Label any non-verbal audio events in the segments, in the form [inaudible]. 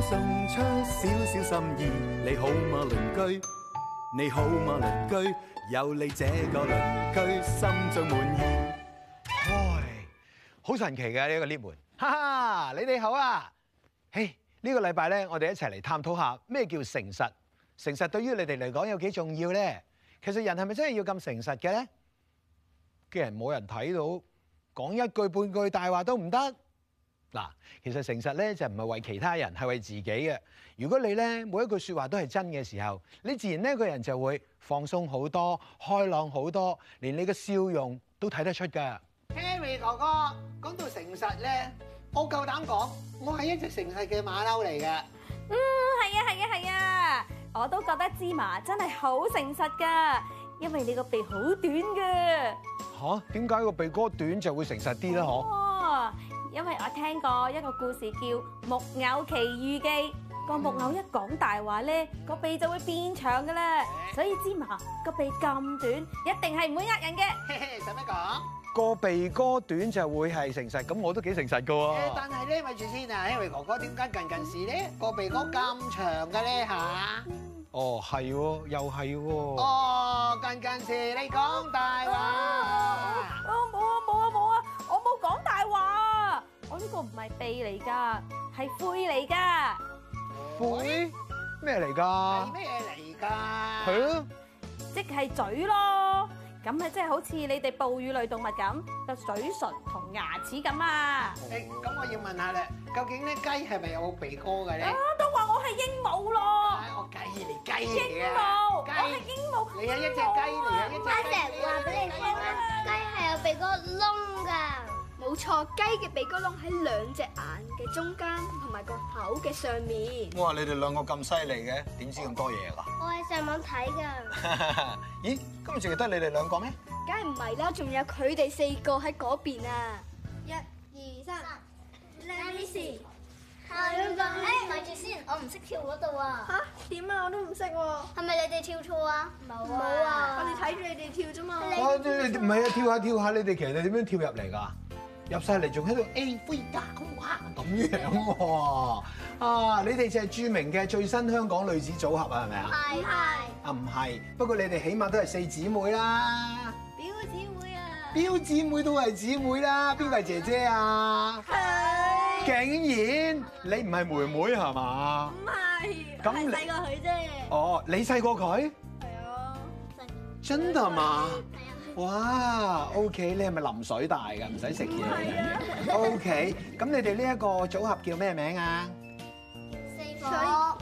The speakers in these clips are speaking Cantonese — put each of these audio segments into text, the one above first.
送出少少心意，你好嗎鄰居？你好嗎鄰居？有你這個鄰居，心最滿意。好神奇嘅呢個 lift 門，哈哈，你哋好啊！誒，呢個禮拜咧，我哋一齊嚟探討下咩叫誠實，誠實對於你哋嚟講有幾重要咧？其實人係咪真係要咁誠實嘅咧？既然冇人睇到，講一句半句大話都唔得。嗱，其實誠實咧就唔係為其他人，係為自己嘅。如果你咧每一句説話都係真嘅時候，你自然呢個人就會放鬆好多，開朗好多，連你嘅笑容都睇得出㗎。Harry 哥哥講到誠實咧，我夠膽講，我係一隻誠實嘅馬騮嚟嘅。嗯，係啊，係啊，係啊，我都覺得芝麻真係好誠實㗎，因為你個鼻好短㗎。嚇、啊？點解個鼻哥短就會誠實啲咧？嗬、哦？因為我聽過一個故事，叫木偶奇遇記，個木偶一講大話咧，個鼻就會變長噶啦，所以芝麻個鼻咁短，一定係唔會呃人嘅。使乜講？個鼻哥短就會係誠實，咁我都幾誠實噶。但係咧，咪住先啊，Harry 哥哥點解近近視咧？個鼻哥咁長嘅咧？吓？哦，係，又係。哦，近近視，你講大話。呢個唔係鼻嚟噶，係喙嚟噶。喙咩嚟噶？係咩嚟噶？係咯，即係嘴咯。咁咪，即係好似你哋哺乳類動物咁嘅嘴唇同牙齒咁啊。咁我要問下咧，究竟咧雞係咪有鼻哥嘅咧？啊，都話我係鸚鵡咯。我雞嚟雞嚟啊！鸚鵡，我係鸚鵡。你有一隻雞嚟嘅嘛？媽咪話俾你聽啦，雞係有鼻哥窿噶。冇錯，雞嘅鼻哥窿喺兩隻眼嘅中間，同埋個口嘅上面。哇！你哋兩個咁犀利嘅，點知咁多嘢噶？我係上網睇噶。咦？今日淨係得你哋兩個咩？梗係唔係啦，仲有佢哋四個喺嗰邊啊！一二三，Let me see，下一個。誒，咪住先，我唔識跳嗰度啊！吓？點啊？我都唔識喎。係咪你哋跳錯啊？冇啊！我哋睇住你哋跳啫嘛。哇！你你唔係啊？跳下跳下，你哋其實點樣跳入嚟噶？入曬嚟仲喺度 A 灰甲，哇，咁樣喎啊！你哋就係著名嘅最新香港女子組合啊，係咪啊？係係啊，唔係，不過你哋起碼都係四姊妹啦。表姊妹啊！表姊妹都係姊妹啦，邊個係姐姐啊？係竟然你唔係妹妹係嘛？唔係，咁細過佢啫。哦，你細過佢？係啊。真㗎嘛？哇，OK，你係咪淋水大㗎？唔使食嘢。係啊。OK，咁你哋呢一個組合叫咩名啊？四顆。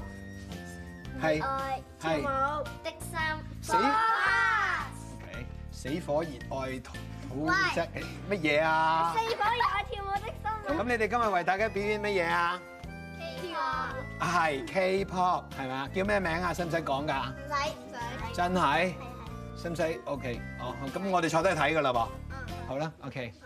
係。熱愛跳舞的心。死。OK，四顆熱愛跳舞即乜嘢啊？四顆熱愛跳舞的心。咁你哋今日為大家表演乜嘢啊？K-pop。係 K-pop，係咪啊？叫咩名啊？使唔使講㗎？唔使。唔使。真係。咁使 OK，哦，咁我哋坐低睇㗎啦噃，好啦，OK, okay。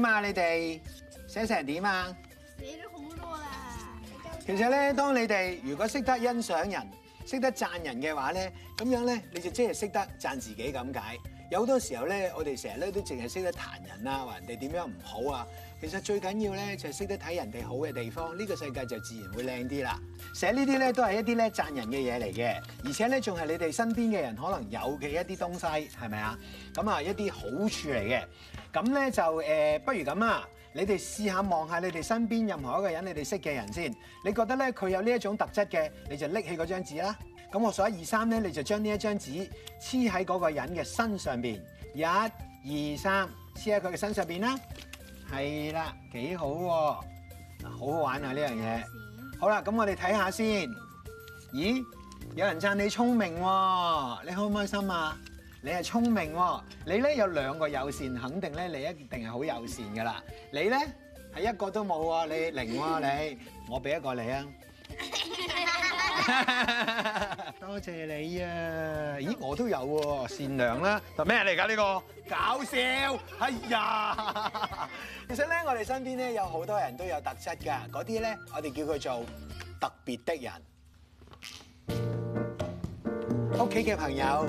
嘛，你哋寫成點啊？寫咗好多啦。其實咧，當你哋如果識得欣賞人、識得讚人嘅話咧，咁樣咧你就即係識得讚自己咁解。有好多時候咧，我哋成日咧都淨係識得彈人啊，話人哋點樣唔好啊。其實最緊要咧就係識得睇人哋好嘅地方，呢個世界就自然會靚啲啦。寫呢啲咧都係一啲咧讚人嘅嘢嚟嘅，而且咧仲係你哋身邊嘅人可能有嘅一啲東西，係咪啊？咁啊，一啲好處嚟嘅。咁咧就誒，不如咁啊。你哋試下望下你哋身邊任何一個人，你哋識嘅人先，你覺得咧佢有呢一種特質嘅，你就拎起嗰張紙啦。咁我數一二三咧，你就將呢一張紙黐喺嗰個人嘅身上邊。一、二、三，黐喺佢嘅身上邊啦。係啦，幾好喎，啊，好好玩啊呢樣嘢。好啦，咁我哋睇下先。咦，有人讚你聰明喎，啊，你開唔開心呀？你係聰明喎，你咧有兩個友善，肯定咧你一定係好友善噶啦。你咧係一個都冇喎，你零喎你，我俾一個你啊！多謝你啊！咦，我都有喎，善良啦，做咩嚟噶呢個？搞笑！哎呀，其實咧，我哋身邊咧有好多人都有特質噶，嗰啲咧我哋叫佢做特別的人。屋企嘅朋友。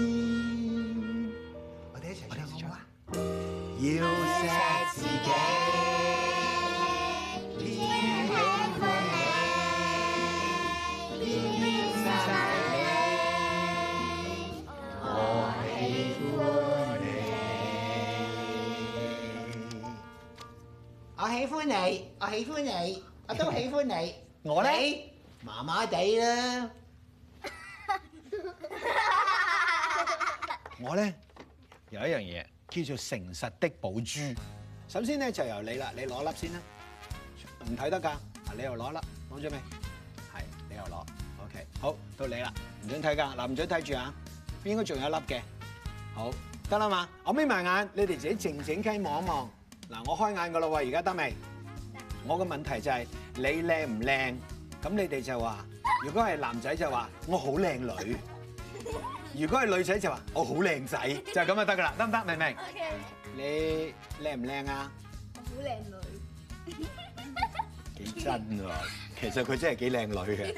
我喜歡你，我喜歡你，我都喜歡你。我咧麻麻地啦。我咧有一樣嘢叫做誠實的寶珠。首先咧就由你啦，你攞粒先啦，唔睇得㗎。啊，你又攞粒，攞咗未？係，你又攞。OK，好到你啦，唔準睇㗎，嗱唔準睇住啊。邊個仲有粒嘅？好，得啦嘛。我眯埋眼，你哋自己靜靜雞望一望。嗱，我開眼㗎喇喎，而家得未？我個問題就係你靚唔靚？咁你哋就話，如果係男仔就話我好靚女；如果係女仔就話我好靚仔，就咁就得噶啦，得唔得？明唔明？OK。你靚唔靚啊？我好靚女，幾真啊！其實佢真係幾靚女嘅。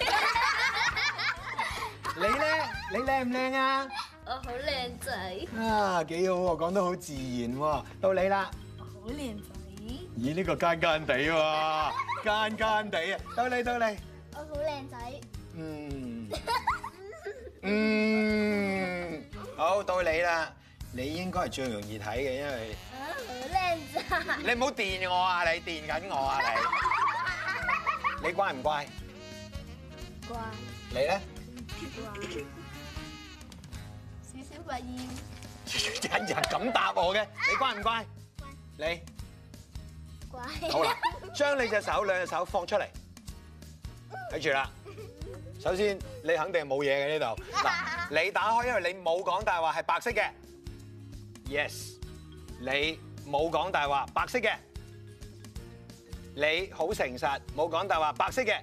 你咧，你靚唔靚啊？我好靚仔。啊，幾好喎！講得好自然喎，到你啦。好靚仔，咦，呢個奸奸地喎，奸奸地啊，到你到你，我好靚仔，嗯，嗯，好，到你啦，你應該係最容易睇嘅，因為啊好靚仔，你唔好電我啊，你電緊我啊你，你乖唔乖？乖，你咧？少少得意，日日咁答我嘅，你乖唔乖？你乖，好啦，將你隻手兩隻手放出嚟，睇住啦。首先你肯定冇嘢嘅，呢度嗱，你打開，因為你冇講大話，係白色嘅。Yes，你冇講大話，白色嘅，你好誠實，冇講大話，白色嘅。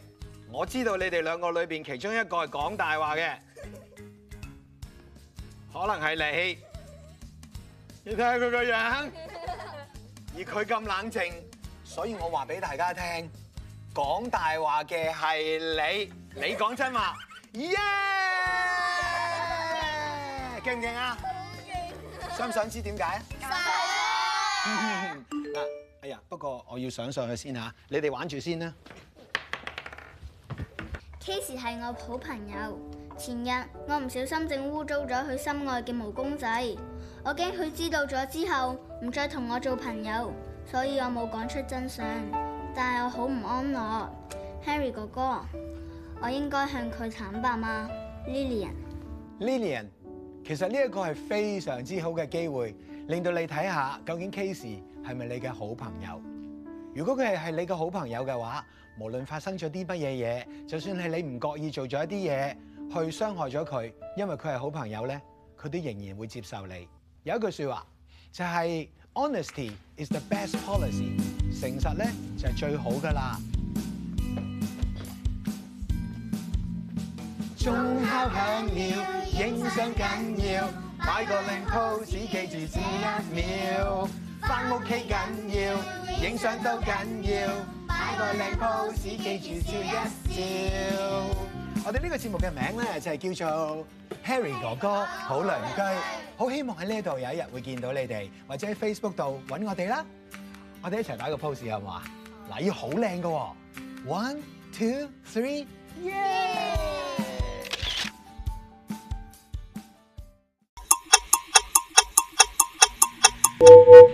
我知道你哋兩個裏面，其中一個係講大話嘅，可能係你。你睇下佢個樣。而佢咁冷靜，所以我話俾大家聽，講大話嘅係你，你講真話，耶、yeah! yeah，勁唔勁啊？想唔想知點解？快啊！嗱，哎呀，不過我要上上去先嚇，你哋玩住先啦。Casey 係我好朋友，前日我唔小心整污糟咗佢心愛嘅毛公仔，我驚佢知道咗之後唔再同我做朋友，所以我冇講出真相，但係我好唔安樂。Harry 哥哥，我應該向佢坦白嗎？Lillian，Lillian，l l 其實呢一個係非常之好嘅機會，令到你睇下究竟 Casey 係咪你嘅好朋友。如果佢係係你嘅好朋友嘅話，無論發生咗啲乜嘢嘢，就算係你唔覺意做咗一啲嘢去傷害咗佢，因為佢係好朋友咧，佢都仍然會接受你。有一句説話就係、是、Honesty is the best policy，誠實咧就係、是、最好噶啦。鐘敲響了，一秒影相緊要，擺個靚 pose，記住只一秒」。翻屋企緊要，影相都緊要，擺個靚 pose，記住笑一笑。 [music] 我哋呢個節目嘅名咧就係、是、叫做 Harry 哥哥 hey, bro, 好鄰居，好、hey, 希望喺呢度有一日會見到你哋，或者喺 Facebook 度搵我哋啦。我哋一齊擺個 pose，好唔好啊？嗱， [music] 要好靚噶，one two three，耶、yeah.！ [music]